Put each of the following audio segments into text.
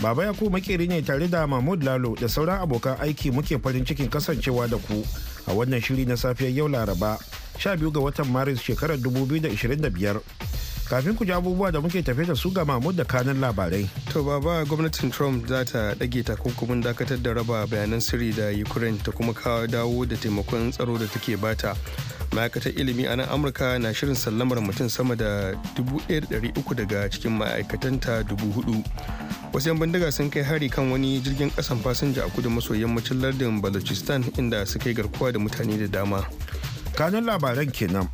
Baba ya ku makeri ne tare da Mahmud Lalo da sauran abokan aiki muke farin cikin kasancewa da ku a wannan shiri na safiyar yau Laraba 12 ga watan Maris shekarar 2025. Kafin ku ji abubuwa da muke tafe da su ga Mahmud da kanan labarai. To baba gwamnatin Trump za ta ɗage takunkumin dakatar da raba bayanan sirri da Ukraine ta kuma kawo dawo da taimakon tsaro da take bata. ma'aikatar ilimi a nan amurka na shirin sallamar mutum sama da 1,300 daga cikin ma'aikatanta 4,000 wasu 'yan bindiga sun kai hari kan wani jirgin kasan fasinja a kudu maso yammacin lardin balochistan inda suka yi garkuwa da mutane da dama kanun labaran kenan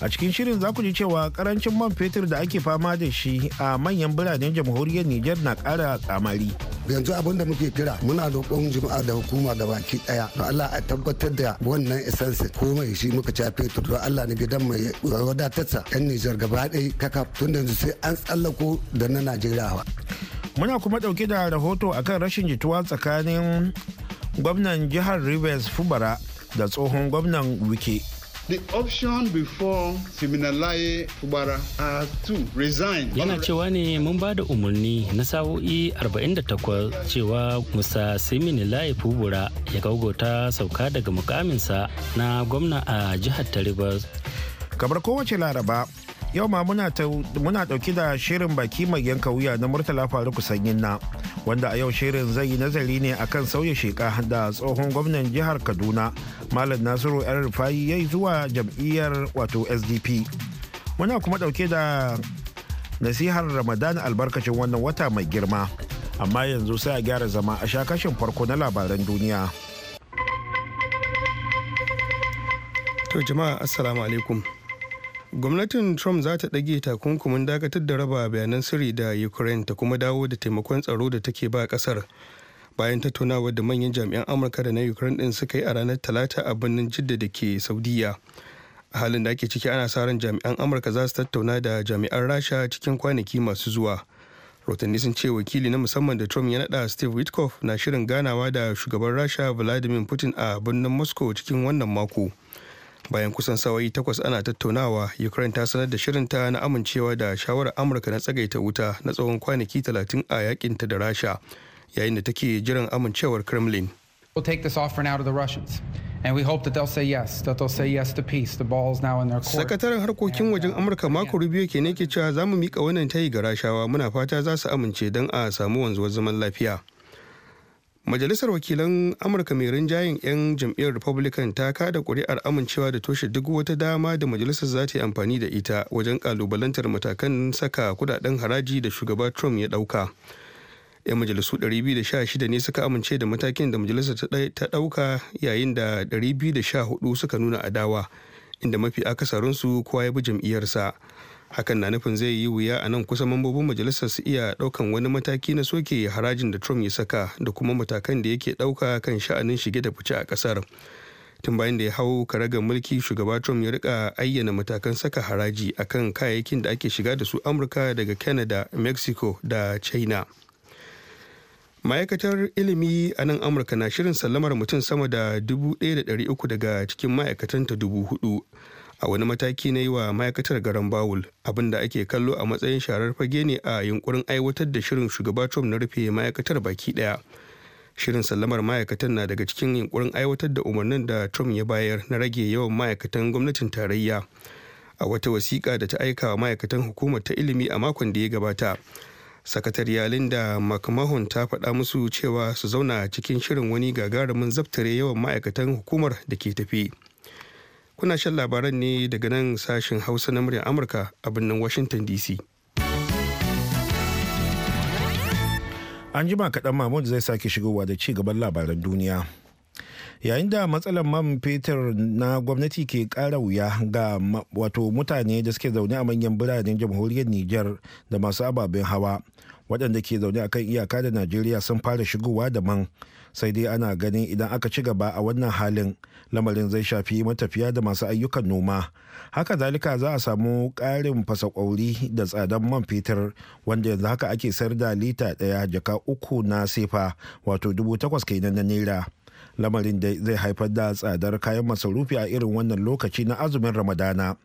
a cikin shirin za ku ji cewa karancin man fetur da ake fama da shi a manyan biranen jamhuriyar niger na kara kamari yanzu abin da muke kira muna roƙon jama'a da hukuma da baki ɗaya to Allah a tabbatar da wannan essence komai shi muka ci a fetur don Allah ne gidan mai wadatarsa yan Nijar gaba ɗaya kaka tun da sai an tsallako da na Najeriya muna kuma ɗauke da rahoto akan rashin jituwa tsakanin gwamnan jihar Rivers Fubara da tsohon gwamnan Wike The option before Siminalaye Fubara has to resign. Yana cewa ne mun ba da umarni na sa'o'i 48 cewa Musa Siminalaye Fubura ya gaugota sauka daga mukaminsa na gwamna a jihar Taribas. Kamar kowace laraba, yau ma muna dauki da shirin baki mai yanka wuya na Murtala Faruku Sanyin na wanda a yau shirin zai yi nazari ne a kan sauya sheka da tsohon gwamnan jihar kaduna malam nasiru yan rufayi ya yi zuwa jam'iyyar wato sdp muna kuma dauke da nasihar ramadan albarkacin wannan wata mai girma amma yanzu sai a gyara zama a sha kashin farko na labaran duniya to jama'a assalamu alaikum gwamnatin trump za ta ɗage takunkumin dakatar da raba bayanan sirri da ukraine ta kuma dawo da taimakon tsaro da take ba ƙasar bayan tattaunawar da manyan jami'an amurka da na ukraine din suka yi a ranar talata a birnin jidda da ke saudiya a halin da ake ciki ana sa ran jami'an amurka za su tattauna da jami'an rasha cikin kwanaki masu zuwa rotanni sun ce wakili na musamman da trump ya naɗa steve witkoff na shirin ganawa da shugaban rasha vladimir putin a birnin moscow cikin wannan mako bayan kusan sawayi takwas ana tattaunawa ukraine ta sanar da shirinta na amincewa da shawarar amurka na tsagaita wuta na tsawon kwanaki 30 a yakinta da rasha yayin da take jiran amincewar kremlin Sakataren harkokin wajen uh, Amurka mako Rubio ke ne ke cewa za mu mika wannan tayi ga Rashawa muna fata za su amince don a samu wanzuwar zaman lafiya. majalisar wakilan amurka mai rinjayen 'yan jam'iyyar republican ta kada kuri'ar amincewa da toshe duk wata dama da majalisar za ta yi amfani da ita wajen kalubalantar matakan saka kudaden haraji da shugaba trump ya dauka 'yan majalisu 216 ne suka amince da matakin da majalisar ta dauka yayin da 214 suka nuna adawa inda mafi akasarinsu kowa ya bi jam'iyyarsa. hakan na nufin zai yi wuya a nan kusa mambobin majalisar su iya daukan wani mataki na soke harajin da trump ya saka da kuma matakan da yake dauka kan sha'anin shige da fice a kasar tun bayan da ya hau karagar mulki shugaba trump ya rika ayyana matakan saka haraji akan kayayyakin da ake shiga da su amurka daga canada mexico da china ma'aikatar ilimi a nan amurka na shirin sallamar mutum sama da 1,300 daga cikin ma'aikatanta 4,000 a wani mataki na yi wa ma'aikatar garan bawul abin da ake kallo a matsayin sharar fage ne a yunkurin aiwatar da shirin shugaba trump na rufe ma'aikatar baki daya shirin sallamar ma'aikatan na daga cikin yunkurin aiwatar da umarnin da trump ya bayar na rage yawan ma'aikatan gwamnatin tarayya a wata wasiƙa da ta aika wa ma'aikatan hukumar ta ilimi a makon da ya gabata sakatariya linda mcmahon ta faɗa musu cewa su zauna cikin shirin wani gagarumin zaftare yawan ma'aikatan hukumar da ke tafi kuna shan labaran ne daga nan sashen hausa na muryar amurka a birnin washington dc an jima kaɗan mahmud zai sake shigowa da ci gaban labaran duniya yayin da matsalar man fetur na gwamnati ke ƙara wuya ga wato mutane da suke zaune a manyan biranen jamhuriyar niger da masu ababen hawa waɗanda ke zaune akan iyaka da najeriya sun fara shigowa da man sai dai ana ganin idan aka ci gaba a wannan halin lamarin zai shafi matafiya da masu ayyukan noma haka zalika za a samu ƙarin fasakwauri da tsadan man fetur wanda yanzu haka ake sayar da lita ɗaya jaka uku na sefa wato dubu takwas kenan na naira lamarin da zai haifar da tsadar kayan masarufi a irin wannan lokaci na azumin ramadana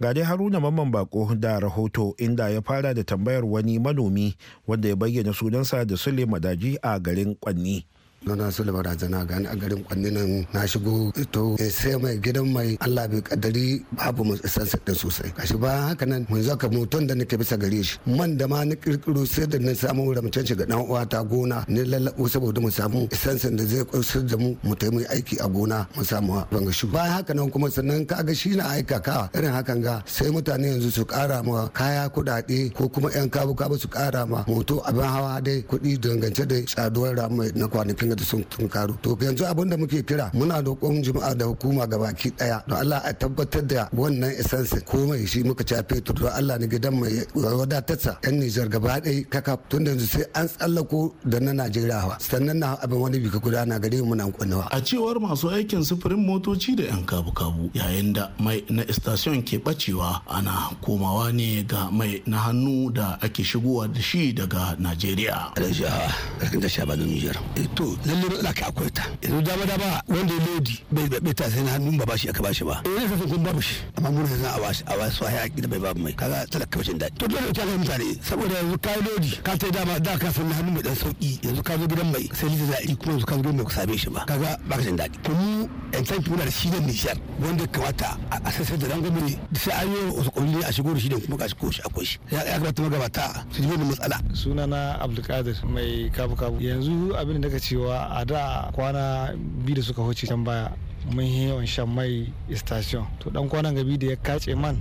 ga dai haruna mamman bako da rahoto inda ya fara da tambayar wani manomi wanda ya bayyana sunansa da sule madaji a garin kwanni nuna su da barazana gani a garin kwanninan na shigo to eh, sai mai gidan mai Allah bai kadari babu mu san din sosai kashi ba haka nan mun zaka moton da nake bisa gare shi man da ma na kirkiro sai da na samu ramcen ga dan uwa ta gona ni lallabo saboda mu samu isansin da zai kusur da mu mu taimai aiki a gona mu samu banga shi ba haka nan kuma sannan ka ga shi na aika ka irin hakan ga sai mutane yanzu su kara ma kaya kudade ko kuma yan kabu kabu su kara ma moto abin hawa dai kuɗi dangance da tsaduwar ramai na kwanakin waɗanda da sun tunkaro to yanzu abin da muke kira muna roƙon jama'a da hukuma k'i ɗaya don Allah a tabbatar da wannan ko komai shi muka ci fetur don Allah ni gidan mai wadatarsa yan Nijar gaba ɗaya kaka tun da yanzu sai an tsallako da na Najeriya sannan na abin wani bika gudana gare mu nan kwanawa. A cewar masu aikin sufurin motoci da 'yan kabu-kabu yayin da mai na istasiyon ke bacewa ana komawa ne ga mai na hannu da ake shigowa da shi daga Najeriya. Alhaji a da shabanin eh to lalle matsala ka akwai ta yanzu dama dama wanda ya lodi bai bai ta sai na hannun ba bashi aka bashi ba eh ne sai kun babu shi amma mun sai a bashi a wasu sai haƙi da bai babu mai kaga talaka bashin dadi to dole ta ga mutane saboda yanzu ka lodi ka sai dama da ka san hannun mai dan sauki yanzu ka zo gidan mai sai lita yi kuma yanzu ka zo gidan mai ku same shi ba kaga ba ka jin dadi to mu yan tanki muna da shi da nishar wanda kamata a sassa da ran gwamnati da sai an yi wa wasu ƙungiyoyi a shigo da shi da kuma ka shigo shi akwai shi ya kamata magabata su ji wani matsala sunana abdulkadir mai kabu kabu yanzu abin da ka cewa cewa a da kwana biyu da suka wuce can baya mun yi yawan shan mai station to dan kwanan gabi da ya kace man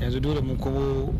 yanzu dole mun komo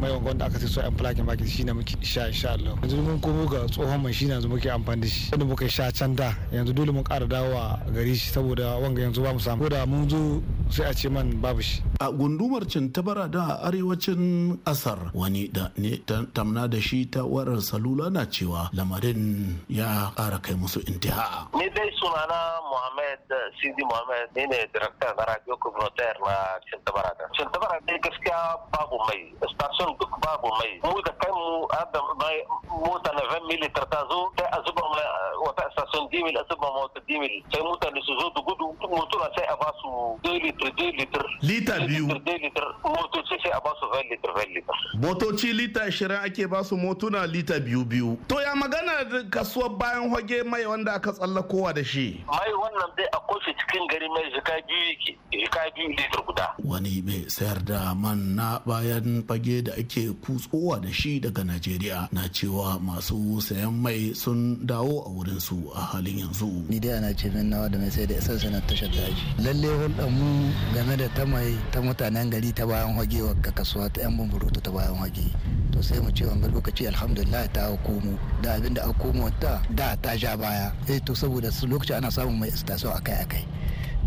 mai wangon da aka so yan plakin baki shi ne muke sha insha Allah yanzu mun komo ga tsohon mai shi ne yanzu muke amfani da shi wanda muka sha can da yanzu dole mun ƙara dawowa gari shi saboda wanga yanzu ba mu samu da mun zo sai a ce man babu shi a gundumar cintabara da a arewacin asar wani da ne tamna da shi ta warar salula na cewa lamarin ya ƙara kai musu intiha ni dai sunana muhammad eh, sidi muhammad ni ne director na radio Kubrotar na cintabara da cintabara dai gaskiya babu mai station duk babu mai mu da kai mu adam mai mota na 20 militar ta zo sai a zuba mai eh, wata station dimil a zuba mota dimil sai mutane su zo da gudu mutuna sai a ba su 2 litre dai litir lita biyu litir motoci sai a basu van litir van litir motoci lita ashirin ake basu motuna lita biyu biyu to ya magana da kasuwar bayan hoge mai wanda aka tsalla kowa da shi mai wannan dai a kofi cikin gari mai zika biyu zika biyu litir guda wani mai sayar da man na bayan fage da ake kutsowa da shi daga najeriya na cewa masu sayan mai sun dawo a wurinsu a halin yanzu ni dai ana ce min nawa da mai sai da isan sanar tashar daji lalle hulɗar mu game da ta mai ta mutanen gari ta bayan hage ga kasuwa ta yan bumburutu ta bayan hage to sai mu ce wanga lokaci alhamdulillah ta komo da abin da a komo ta da ta sha baya eh to saboda lokaci ana samun mai istasau akai akai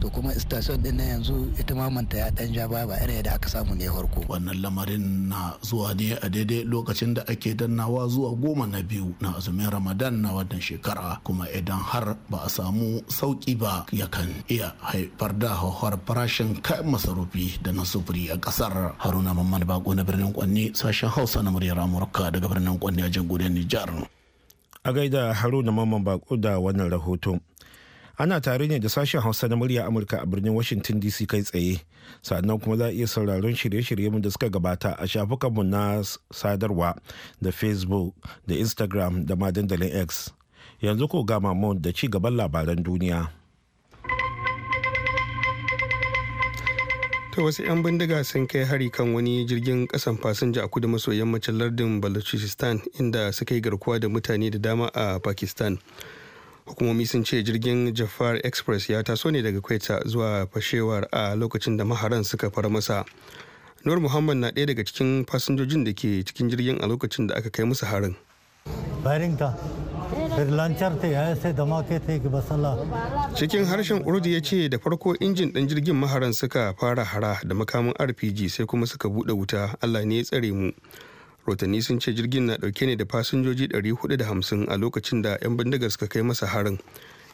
to kuma station din na yanzu ita ma manta ya dan ja baya ba irin da aka samu ne farko wannan lamarin na zuwa ne a daidai lokacin da ake dannawa zuwa goma na biyu na azumin ramadan na wannan shekara kuma idan har ba a samu sauki ba yakan iya haifar da hauhar farashin kayan masarufi da na sufuri a kasar haruna mamman bako na birnin kwanne sashen hausa na muryar amurka daga birnin kwanne a jamhuriyar nijar a gaida haruna mamman bako da wannan rahoton ana tare ne da sashen hausa na murya amurka a birnin washington dc kai tsaye sannan kuma za a iya sauraron shirye-shirye da suka gabata a shafukanmu na sadarwa da facebook da instagram da ma dandalin x yanzu ko ga mamon da ci gaban labaran duniya ta wasu 'yan bindiga sun kai hari kan wani jirgin kasan fasinja a kudu maso yammacin lardin balochistan inda suka yi garkuwa da mutane da dama a pakistan hukumomi sun ce jirgin jafar express ya taso ne daga kwaita zuwa fashewar a lokacin da maharan suka fara masa nur muhammad na ɗaya daga cikin fasinjojin da ke cikin jirgin a lokacin da aka kai musu harin cikin harshen urdu ya ce da farko injin ɗan jirgin maharan suka fara hara da makamin rpg sai kuma suka buɗe wuta allah ne ya tsare mu rotanni sun ce jirgin na dauke ne da fasinjoji 450 a lokacin da 'yan bindigar suka kai masa harin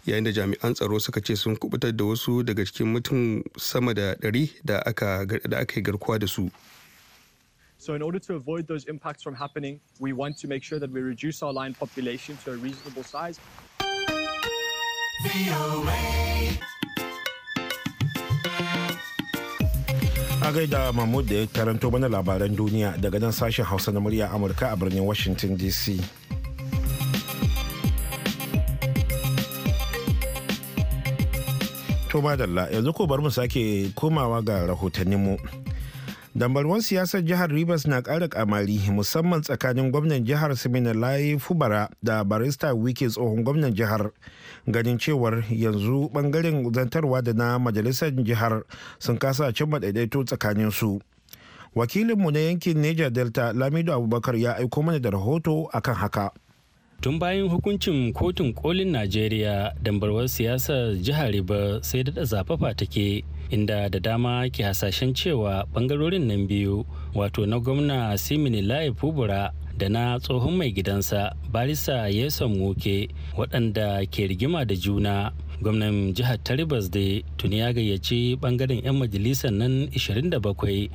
yayin da jami'an tsaro suka ce sun kubutar da wasu daga cikin mutum sama da 100 da aka yi garkuwa da su So in order to avoid those impacts from happening, we want to make sure that we reduce our line population to a reasonable size. a gaida mahmud da ya karanto mana labaran duniya daga nan sashen hausa na murya amurka a birnin washington dc to madalla yanzu ko bar mu sake komawa ga rahotanninmu mu dambarwar siyasar jihar rivers na ƙara kamari musamman tsakanin gwamnan jihar siminalaye fubara da barista wiki tsohon gwamnan jihar ganin cewar yanzu bangaren zantarwa da na majalisar jihar sun kasa cimma daidaito tsakanin su wakilinmu na yankin niger delta lamido abubakar ya aiko mana da rahoto akan haka tun bayan hukuncin kotun kolin najeriya dambarwar siyasar jihar riba sai daɗa zafafa take inda da dama ke hasashen cewa bangarorin nan biyu wato na gwamna simini laye fubura da na tsohon mai gidansa barisa yeson woke waɗanda ke rigima da juna gwamnan jihar taribas da tuni ya gayyaci bangaren 'yan majalisar nan 27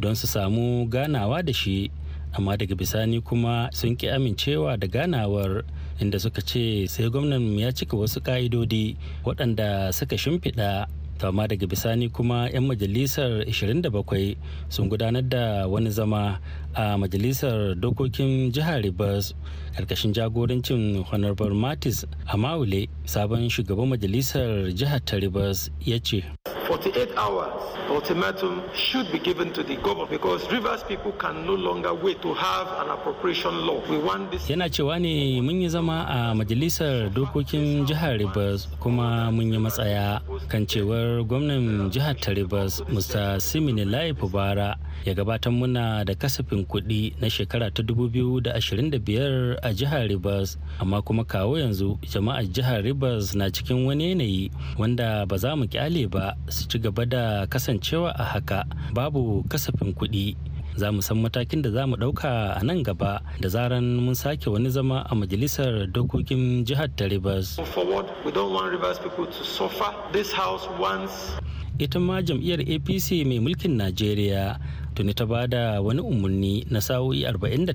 don su samu ganawa da shi amma daga bisani kuma sun ki amincewa da ganawar inda suka ce sai gwamnan ya cika wasu ka'idodi waɗanda suka shimfiɗa amma daga bisani kuma 'yan majalisar 27 sun gudanar da wani zama a majalisar dokokin jihar ribas karkashin jagorancin honorable martis a maule sabon shugaban majalisar jihar ta rivers ya ce 48 hours ultimatum should be given to the government because rivers people can no longer wait to have an appropriation law. We want this. Yana cewa ne mun yi zama a majalisar dokokin jihar Rivers kuma mun yi matsaya kan cewar gwamnan jihar ta Rivers Mr. Simini Lai Fubara ya gabatar muna da kasafin kuɗi na shekara ta 2025 a jihar Rivers amma kuma kawo yanzu jama'ar jihar Rivers na cikin wani yanayi wanda ba za mu kyale ba su ci gaba da kasancewa a haka babu kasafin kuɗi za mu san matakin da za mu ɗauka a nan gaba da zaran mun sake wani zama a majalisar dokokin jihar ta rivers ita ma jam'iyyar apc mai mulkin najeriya tuni ta ba da wani umarni na sa'o'i 48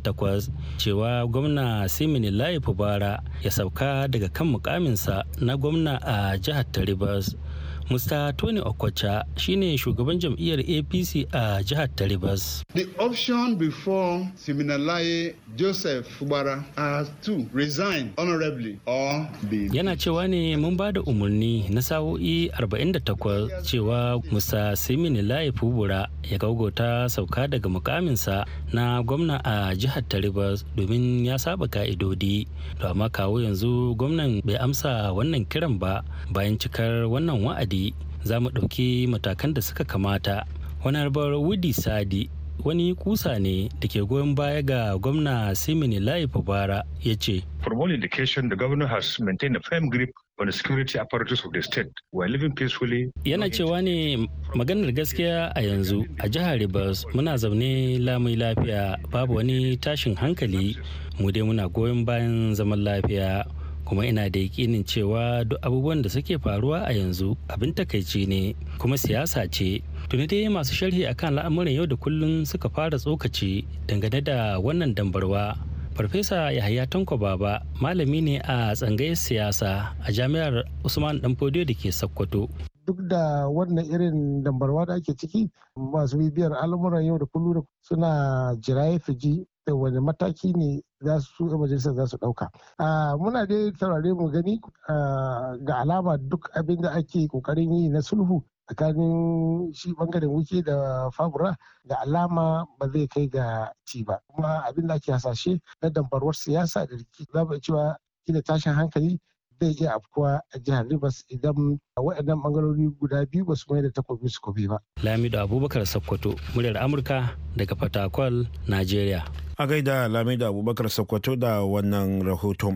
cewa gwamna simini laifu bara ya sauka daga kan mukaminsa na gwamna a jihar ta rivers Mr. Tony Okocha shine shugaban jam'iyyar APC a jihar ta The option before Siminalaye Joseph Fubara has to resign honorably or be. Yana cewa ne mun ba da umarni na sa'o'i 48 cewa Mr. Siminalaye Fubura ya gaugauta sauka daga mukaminsa na gwamna a jihar ta domin ya saba ka'idodi. To amma kawo yanzu gwamnan bai amsa wannan kiran ba bayan cikar wannan wa'adi sadi za mu ɗauki matakan da suka kamata honorable wudi sadi wani kusa ne da ke goyon baya ga gwamna simini layi fubara ya ce from the governor has maintained a firm grip security apparatus of the yana cewa ne maganar gaskiya a yanzu a jihar rivers muna zaune lamai lafiya babu wani tashin hankali mu dai muna goyon bayan zaman lafiya kuma ina da yakinin cewa duk abubuwan da suke faruwa a yanzu abin takaici ne kuma siyasa ce tuni dai masu sharhi akan al'amuran yau da kullun suka fara tsokaci dangane da wannan dambarwa farfesa yahaya tanko baba malami ne a tsangayar siyasa a jami'ar usman danfodiyo da ke sokoto duk da wannan irin dambarwa da ake ciki masu bibiyar al'amuran yau da kullum suna jiraye fiji da wani mataki ne za su majalisar za su ɗauka. Muna dai taurari mu gani ga alama duk abin da ake kokarin yi na sulhu tsakanin shi bangaren wuke da fabura da alama ba zai kai ga ci ba kuma abin da ake hasashe na dambarwar siyasa da za mu cewa da tashin hankali zai iya afkuwa a jihar Rivers idan a waɗannan bangarori guda biyu ba su mai da takobi su kobe ba. Lamido Abubakar Sokoto, muryar Amurka daga Fatakwal, Najeriya. A gaida Lamido Abubakar Sokoto da wannan rahoto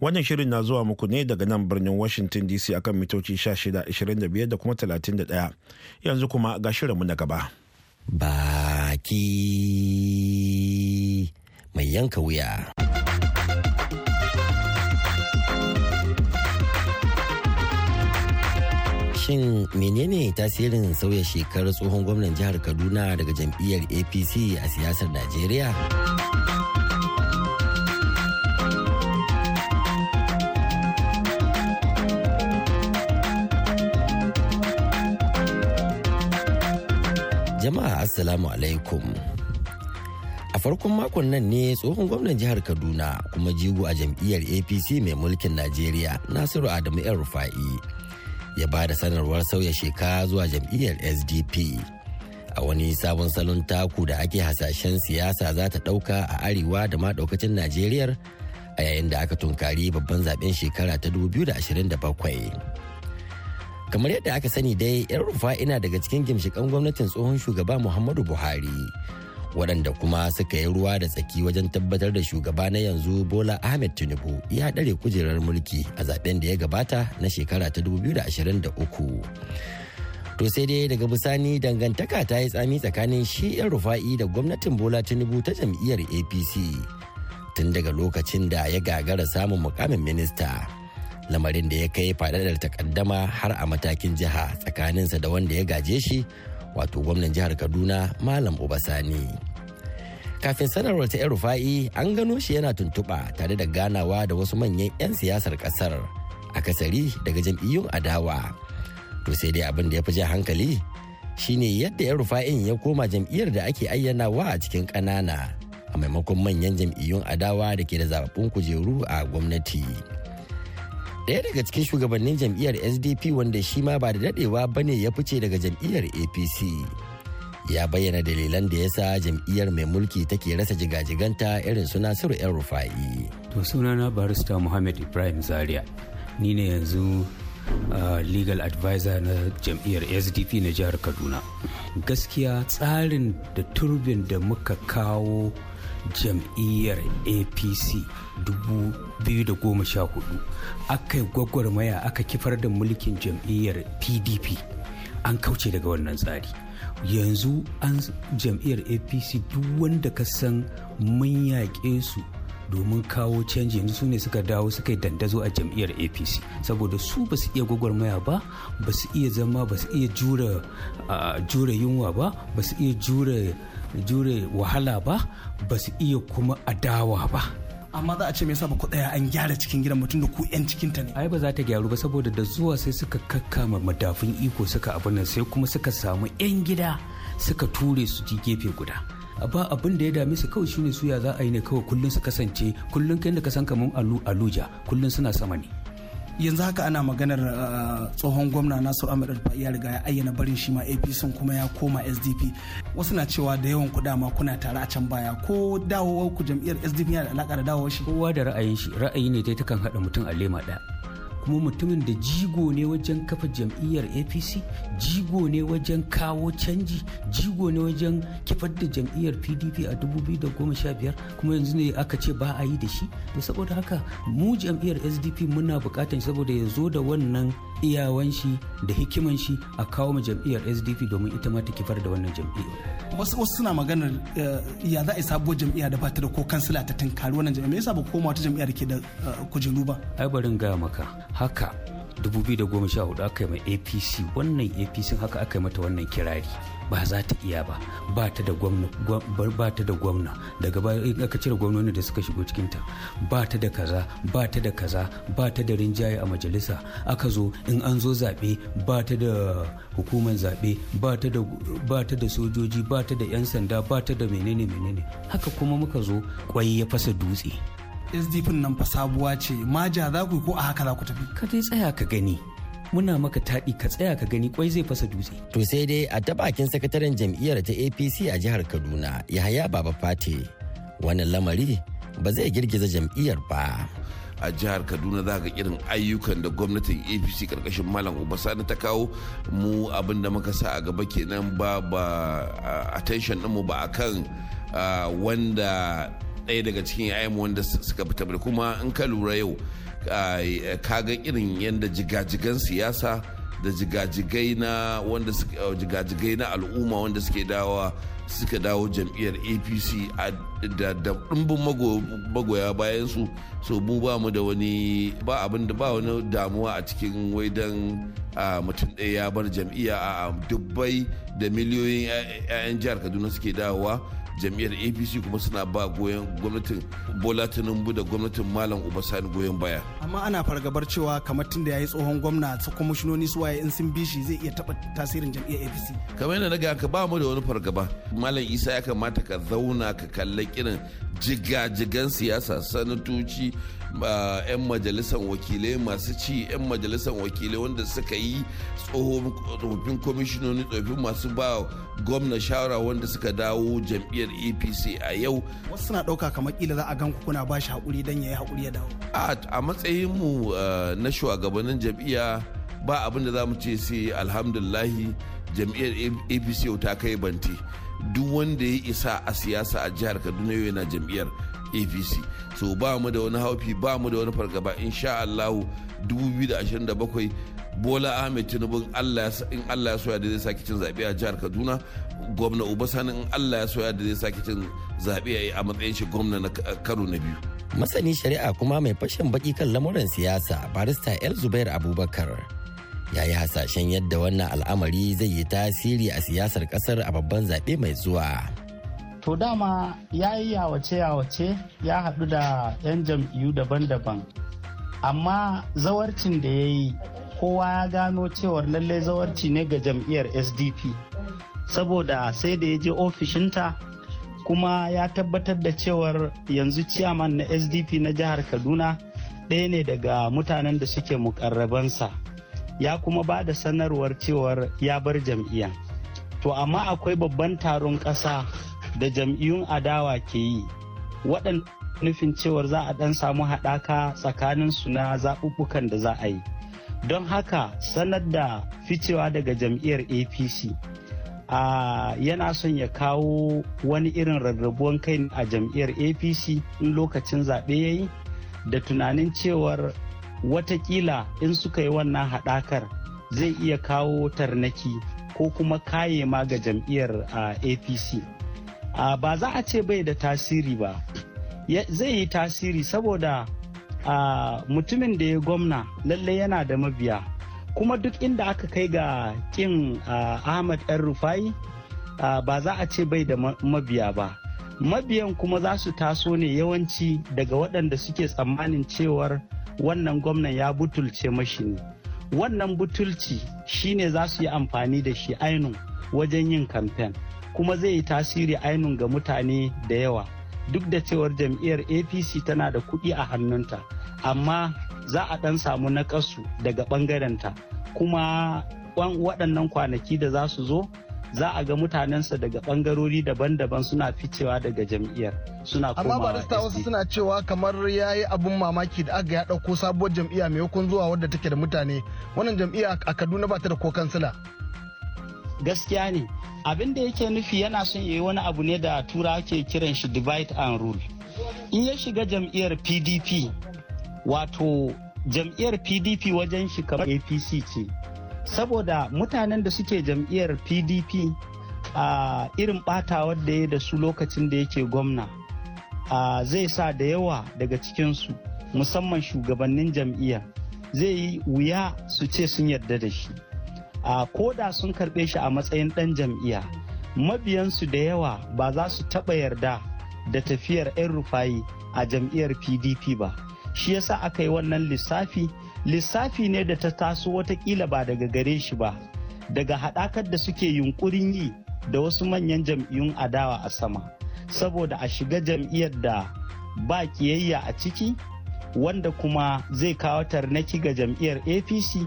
Wannan shirin na zuwa muku ne daga nan birnin Washington DC akan mitoci 16, 25 da kuma 31. Yanzu kuma ga shirinmu na gaba. Baki mai yanka wuya. shin menene tasirin sauya shekarar tsohon gwamnan jihar kaduna daga jam'iyyar apc a siyasar najeriya jama'a assalamu alaikum a farkon makon nan ne tsohon gwamnan jihar kaduna kuma jigo a jam'iyyar apc mai mulkin najeriya nasiru adamu yan rufa'i ya ba da sanarwar sauya sheka zuwa jam'iyyar sdp a wani sabon salon taku da ake hasashen siyasa za ta ɗauka a arewa da maɗaukacin najeriya a yayin da aka tunkari babban zaben shekara ta 2027 kamar yadda aka sani dai yan rufa ina daga cikin gimshikan gwamnatin tsohon shugaba muhammadu buhari waɗanda kuma suka yi ruwa da tsaki wajen tabbatar da shugaba na yanzu bola ahmed tinubu ya ɗare kujerar mulki a zaben da ya gabata na shekara ta 2023 to sai dai daga bisani dangantaka ta yi tsami tsakanin shi yan rufa'i da gwamnatin bola tinubu ta jam'iyyar apc tun daga lokacin da ya gagara samun mukamin minista lamarin da ya kai faɗaɗar takaddama har a matakin jiha tsakaninsa da wanda ya gaje shi wato gwamnan jihar kaduna malam obasani kafin sanarwar ta rufa'i an gano shi yana tuntuɓa tare da ganawa da wasu manyan 'yan siyasar ƙasar akasari daga jam'iyyun adawa to sai dai abin da ya fi jan hankali shine yadda ya rufa'in ya koma jam'iyyar da ake ayyanawa a cikin ƙanana a maimakon manyan jam'iyyun adawa da ke da zaɓaɓɓun kujeru a gwamnati. daya daga cikin shugabannin jam'iyyar sdp wanda shi ma ba da daɗewa ba ne ya fice daga jam'iyyar apc ya bayyana dalilan da ya sa jam'iyyar mai mulki take rasa jigajiganta irin su nasiru yan rufa'i to sunana barista muhammad ibrahim zaria ni ne yanzu legal advisor na jam'iyyar sdp na jihar kaduna gaskiya tsarin da turbin da muka kawo jam'iyyar apc 2014 aka yi gwagwarmaya aka kifar da mulkin jam'iyyar pdp an kauce daga wannan tsari yanzu an jam'iyyar apc duk wanda ka san mun yaƙe su domin kawo canji yanzu su ne suka dawo suka yi dandazo a jam'iyyar apc saboda su ba su iya gwagwarmaya ba ba su iya zama ba su iya jura ah, yunwa ba ba su iya jura. jure wahala ba ba su iya kuma adawa ba amma za a ce me yasa ku an gyara cikin gidan mutum da ku yan cikin ta ne ai ba za ta gyaru ba saboda da zuwa sai suka kakkama madafin iko suka abin nan sai kuma suka samu yan gida suka ture su ji gefe guda ba abin da ya dame su kawai shine suya za a yi ne kawai kullun su kasance kullun kai da ka san kamar alu aluja kullun suna sama ne yanzu haka ana maganar uh, tsohon gwamna nasu ahmed alfa ya riga ya ayyana barin shi ma apc kuma ya koma sdp wasu na cewa da yawan kuɗa ma kuna tare a can baya ko dawowar ku jam'iyyar sdp yana da alaƙa da dawowar shi kowa da ra'ayin shi ra'ayi ne dai takan haɗa mutum a lema ɗaya kuma mutumin da jigo ne wajen kafa jam'iyyar apc jigo ne wajen kawo canji jigo ne wajen kifar da jam'iyyar pdp a 2015 kuma yanzu ne aka ce ba a yi da shi to saboda haka mu jam'iyyar sdp muna bukatan saboda ya zo da wannan iyawan shi da hikiman shi a kawo ma jam'iyyar sdp domin ita ma ta kifar da wannan jam'iyyar wasu wasu suna maganar eh, ya za a yi sabuwar jam'iyya da ba ta da ko kansila ta tunkari wannan jam'iyya me yasa ba koma wata jam'iyya da ke da eh, kujeru ba ai barin gaya maka haka 2014 aka yi ma apc wannan apc haka aka yi mata wannan kirari ba za ta iya ba ba ta da gwamna ba ta da gwamna daga aka cire gwamnoni da suka shigo ta ba ta da kaza ba ta da kaza ba ta da rinjaye a majalisa aka zo in an zo zabe ba ta da hukumar zaɓe ba ta da sojoji ba ta da 'yan sanda ba ta da menene menene haka kuma muka zo kwai ya fasa dutse sdp nan fa sabuwa ce maja za ku ko a haka za ku tafi ka dai tsaya ka gani muna maka taɗi ka tsaya ka gani kwai zai fasa dutse. To sai dai a ta bakin sakataren jam'iyyar ta APC a jihar Kaduna Yahaya Baba Fate wannan lamari ba zai girgiza jam'iyyar ba. a jihar kaduna za ka irin ayyukan da gwamnatin apc karkashin malam sani ta kawo mu abin da muka sa a gaba kenan ba ba attention ɗinmu ba akan wanda ɗaya daga cikin yayan wanda suka fita da kuma in ka lura yau ka ga irin yadda jigajigan siyasa da jigajigai na wanda oh, jigajigai na al'umma wanda suke dawa suka dawo jam'iyyar apc da ɗumbin magoya bayan su so mu ba mu da wani ba abin da ba wani damuwa a cikin waidan mutum ɗaya ya bar jam'iyya a dubbai da miliyoyin 'ya'yan jihar kaduna suke dawowa jam'iyyar apc kuma suna ba goyon gwamnatin bola tinubu da gwamnatin malam uba sani goyon baya amma ana fargabar cewa kamar tun da ya yi tsohon gwamna ta kwamishinoni su waye in sun bi shi zai iya taɓa tasirin jam'iyyar apc kamar yadda na ka ba mu da wani fargaba malam isa ya kamata ka zauna ka kalli kirin jigan siyasa sanatoci 'yan majalisar wakilai masu ci 'yan majalisar wakilai wanda suka yi tsofaffin kwamishinoni tsofin masu ba gwamna shawara wanda suka dawo jam'iyyar apc a yau wasu suna ɗauka kamar kila za a gan kuna ba shi haƙuri don ya yi haƙuri ya dawo a matsayinmu eh, na shugabannin jam'iyya ba abin da za mu ce sai alhamdulahi jam'iyyar apc ta kai banti duk wanda ya isa a siyasa a jihar kaduna yana jam'iyyar apc so ba mu da wani haufi ba mu da wani fargaba insha allahu 2027 bola ahmed tinubu in allah ya soya da zai sake cin zaɓe a jihar kaduna gwamna ubasani in allah ya soya da zai sake cin zaɓe a matsayin shi gwamna na karo na biyu masani shari'a kuma mai fashin baki kan lamuran siyasa barista el zubair abubakar ya yi hasashen yadda wannan al'amari zai yi tasiri a siyasar kasar a babban zaɓe mai zuwa to dama ya yi yawace-yawace ya haɗu da 'yan jam'iyyu daban-daban amma zawarcin da ya yi kowa ya gano cewar lallai zawarci ne ga jam'iyyar sdp saboda sai da ya je ofishinta kuma ya tabbatar da cewar yanzu ciyaman na sdp na jihar kaduna ɗaya ne daga mutanen da suke mukarrabansa ya kuma ba da sanarwar cewar ya bar jam'iyyar to amma akwai babban taron ƙasa da jam'iyyun adawa ke yi waɗan nufin cewar za a ɗan samu haɗaka tsakanin su na zaɓuɓɓukan da za a yi don haka sanar da ficewa daga jam'iyyar apc a yana son ya kawo wani irin rarrabuwan kai a jam'iyyar apc in lokacin zaɓe ya yi da tunanin cewar watakila in suka yi wannan haɗakar zai iya kawo tarnaki ko kuma kaye ma ga jam'iyyar apc a ba za a ce bai da tasiri ba zai yi tasiri saboda a mutumin da ya gwamna lallai yana da mabiya kuma duk inda aka kai ga kin ahmad yan rufai ba za a ce bai da mabiya ba mabiyan kuma za su taso ne yawanci daga waɗanda suke tsammanin cewar wannan gwamnan ya butulce mashi ne wannan butulci shine za su yi amfani da shi ainu wajen yin kamfen. kuma zai yi tasiri ainun ga mutane da yawa duk da cewar jam'iyyar apc tana da kuɗi a hannunta amma za a ɗan samu naƙasu daga ɓangarenta kuma waɗannan kwanaki da za su zo za a ga mutanensa daga ɓangarori daban-daban suna ficewa daga jam'iyyar suna amma barista wasu suna cewa kamar ya yi abun mamaki da aka ya ɗauko sabuwar jam'iyya mai zuwa wadda take da mutane wannan jam'iyya a kaduna ba ta da ko kansila gaskiya ne abin da yake nufi yana son yayi wani abu ne da tura ke kiran shi divide and rule in ya shiga jam'iyyar pdp wato jam'iyyar pdp wajen shi kamar apc ce saboda mutanen da suke jam'iyyar pdp a irin batawar da ya da su lokacin da yake gwamna zai sa da yawa daga cikinsu musamman shugabannin jam'iyyar zai yi wuya su ce sun yarda da shi a koda sun karɓe shi a matsayin ɗan jam'iyya mabiyansu da yawa ba za su taɓa yarda da tafiyar 'yan rufayi a jam'iyyar pdp ba shi yasa aka yi wannan lissafi lissafi ne da ta taso watakila ba daga gare shi ba daga haɗakar da suke yunkurin yi da wasu manyan jam'iyyun adawa a sama saboda a shiga jam'iyyar da ba kiyayya a ciki wanda kuma zai kawo tarnaki ga jam'iyyar apc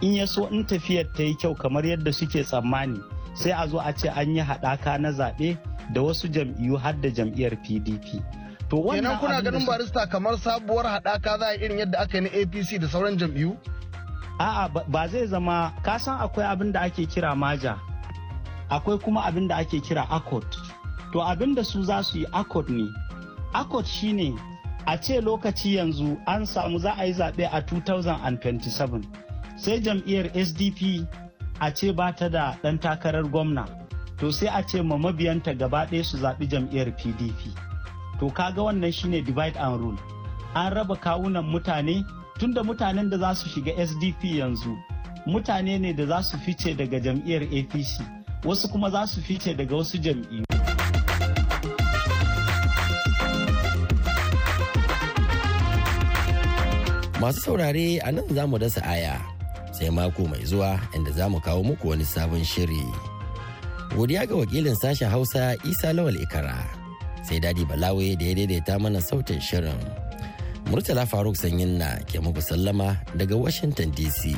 in ya so in tafiyar ta yi kyau kamar yadda suke tsammani sai a zo a ce an yi haɗaka na zaɓe da wasu jam'iyyu har da jam'iyyar pdp to wannan kuna ganin barista kamar sabuwar haɗaka za a irin yadda aka yi na apc da sauran jam'iyyu a'a ba zai zama Ka san akwai abin da ake kira maja akwai kuma abin da ake kira accord to abin da su za su yi accord ne accord shine a ce lokaci yanzu an samu za a yi zaɓe a 2027 sai jam'iyyar sdp a ce ba ta da ɗan takarar gwamna to sai a ce ma mabiyanta gaba ɗaya su zaɓi jam'iyyar pdp to kaga wannan shine divide and rule an raba kawunan mutane tunda mutanen da za su shiga sdp yanzu mutane ne da za su fice daga jam'iyyar apc wasu kuma za su fice daga wasu jam'iyyu masu saurare a nan za mu dasa aya sai mako mai zuwa inda za mu kawo muku wani sabon shiri. Godiya ga wakilin sashen Hausa Isa Lawal Ikara, sai Dadi Balawe da ya daidaita mana sautin shirin. Murtala Faruk Sanyin na ke muku sallama daga Washington DC.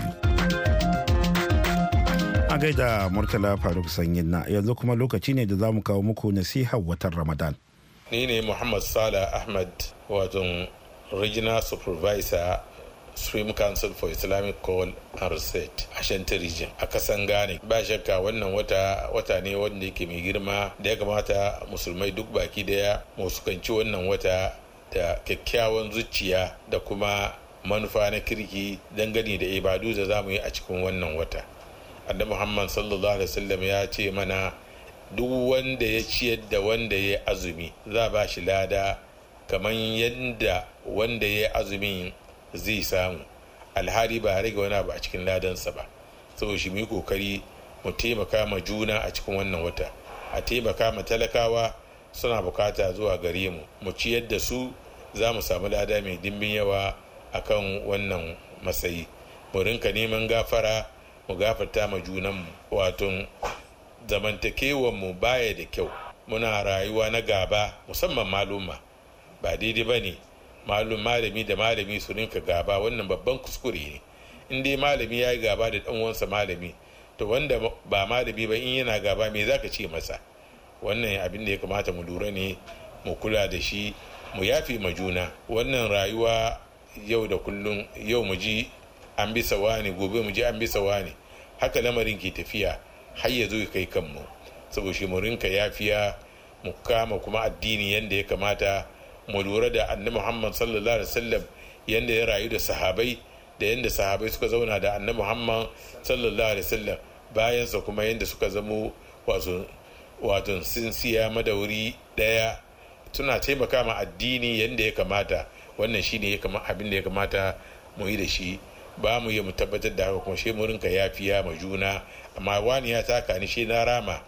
A gaida Murtala Faruk Sanyin na yanzu kuma lokaci ne da za mu kawo muku nasihar watan Ramadan. Ni ne Muhammad Sala Ahmad wato Regional Supervisor Supreme Council for Islamic Call and research a Shanta Region a kasan Ghana. Ba shakka wannan wata ne wanda yake mai girma da ya kamata musulmai duk baki daya musukanci wannan wata da kyakkyawan zuciya da kuma manufa na kirki dangane da ibadu da za mu yi a cikin wannan wata. Annabi Muhammad sallallahu alaihi wasallam ya ce mana duk wanda ya ciyar da wanda ya azumi za ba shi lada kamar yadda wanda ya azumin zai samu alhali ba rage wani abu a cikin ladansa ba saboda shi mu kokari mu taimaka ma juna a cikin wannan wata a taimaka ma talakawa suna bukata zuwa gare mu mu ciyar da su za mu samu lada mai dimbin yawa a kan wannan matsayi mu rinka neman gafara mu gafarta ma junanmu wato mu baya da kyau muna rayuwa na gaba musamman maluma ba daidai ba ne malum malami da malami su rinka gaba wannan babban kuskure ne in dai malami ya yi gaba da dan uwansa malami to wanda ba malami ba in yana gaba me zaka ce masa wannan abin da ya kamata mu lura ne mu kula da shi mu yafi ma juna wannan rayuwa yau da kullum yau mu ji an bisa ne gobe mu ji an bisa wani haka lamarin ke tafiya har ya zo kai kanmu saboda shi mu rinka yafiya mu kama kuma addini yadda ya kamata mu lura da annabi muhammad sallallahu alaihi wasallam yanda ya rayu da sahabai da yanda sahabai suka zauna da annabi muhammad sallallahu alaihi wasallam bayansa kuma yanda suka zamo wato wato sun siya madauri daya suna taimaka ma addini yanda ya kamata wannan shine ya kama abin da ya kamata mu yi da shi ba mu yi mu tabbatar da haka kuma shi mu rinka yafiya ma juna amma wani ya taka ni shi na rama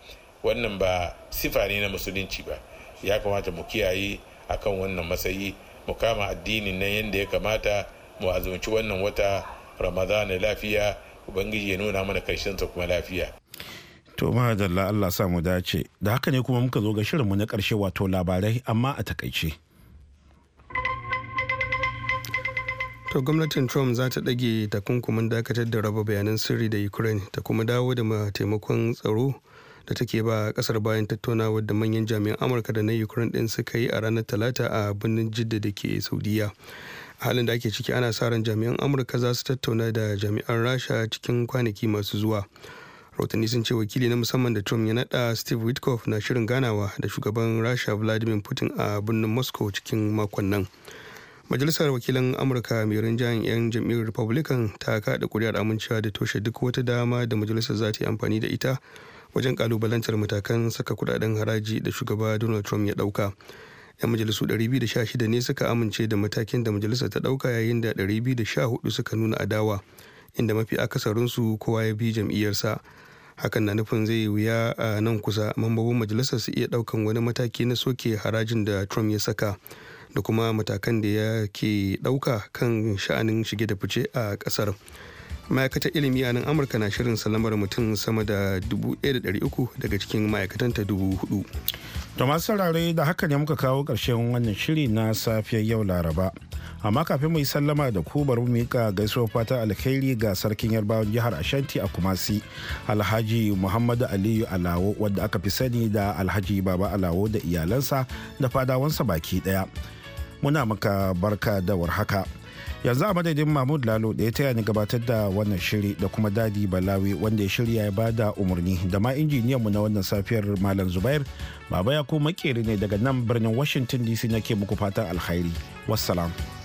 wannan ba sifa ne na musulunci ba ya kamata mu kiyaye akan wannan matsayi mu kama addinin nan yadda ya kamata mu azumci wannan wata ramadana lafiya ubangiji ya nuna mana karshensa kuma lafiya to mahajalla allah sa mu dace da haka ne kuma muka zo ga shirinmu na karshe wato labarai amma a takaice to gwamnatin trump za ta ɗage takunkumin dakatar da raba bayanan sirri da ukraine ta kuma dawo da taimakon tsaro da take ba kasar bayan tattaunawar da manyan jami'an amurka da na ukraine din suka yi a ranar talata a birnin jidda da ke saudiya a halin da ake ciki ana sa ran jami'an amurka za su tattauna da jami'an rasha cikin kwanaki masu zuwa rahotanni sun ce wakili na musamman da trump ya nada steve witkoff na shirin ganawa da shugaban rasha vladimir putin a birnin moscow cikin makon nan majalisar wakilan amurka mai rinjayen 'yan jam'iyyar republican ta kaɗa ƙuri'ar amincewa da toshe duk wata dama da majalisar za ta yi amfani da ita wajen kalubalantar matakan saka kudaden haraji da shugaba donald trump ya dauka yan majalisu 216 ne suka amince da matakin da majalisa ta dauka yayin da 214 suka nuna adawa inda mafi akasarinsu kowa ya bi jam'iyyarsa hakan na nufin zai wuya a nan kusa mambobin majalisar su iya daukan wani mataki na soke harajin da trump ya saka da kuma matakan da ya ke dauka kan sha'anin shige da fice a kasar. ma'aikatar ilimi a nan amurka na shirin salamar mutum sama da 1,300 daga cikin ma'aikatanta 4,000 to masu saurare da haka ne muka kawo ƙarshen wannan shiri na safiyar yau laraba amma kafin mu yi sallama da ku bari mu ka gaisuwar fata alkhairi ga sarkin yarbawan jihar ashanti a kumasi alhaji muhammadu aliyu alawo wadda aka fi sani da alhaji baba alawo da iyalansa da fadawansa baki daya muna maka barka da warhaka haka yanzu a madadin mahmud lalo da ya taya ni gabatar da wannan shiri da kuma dadi balawi wanda ya shirya ya bada umarni da ma injiniyanmu na wannan safiyar malam zubair baba ya ko makeri ne daga nan birnin washington dc nake muku fatan alkhairi wassalam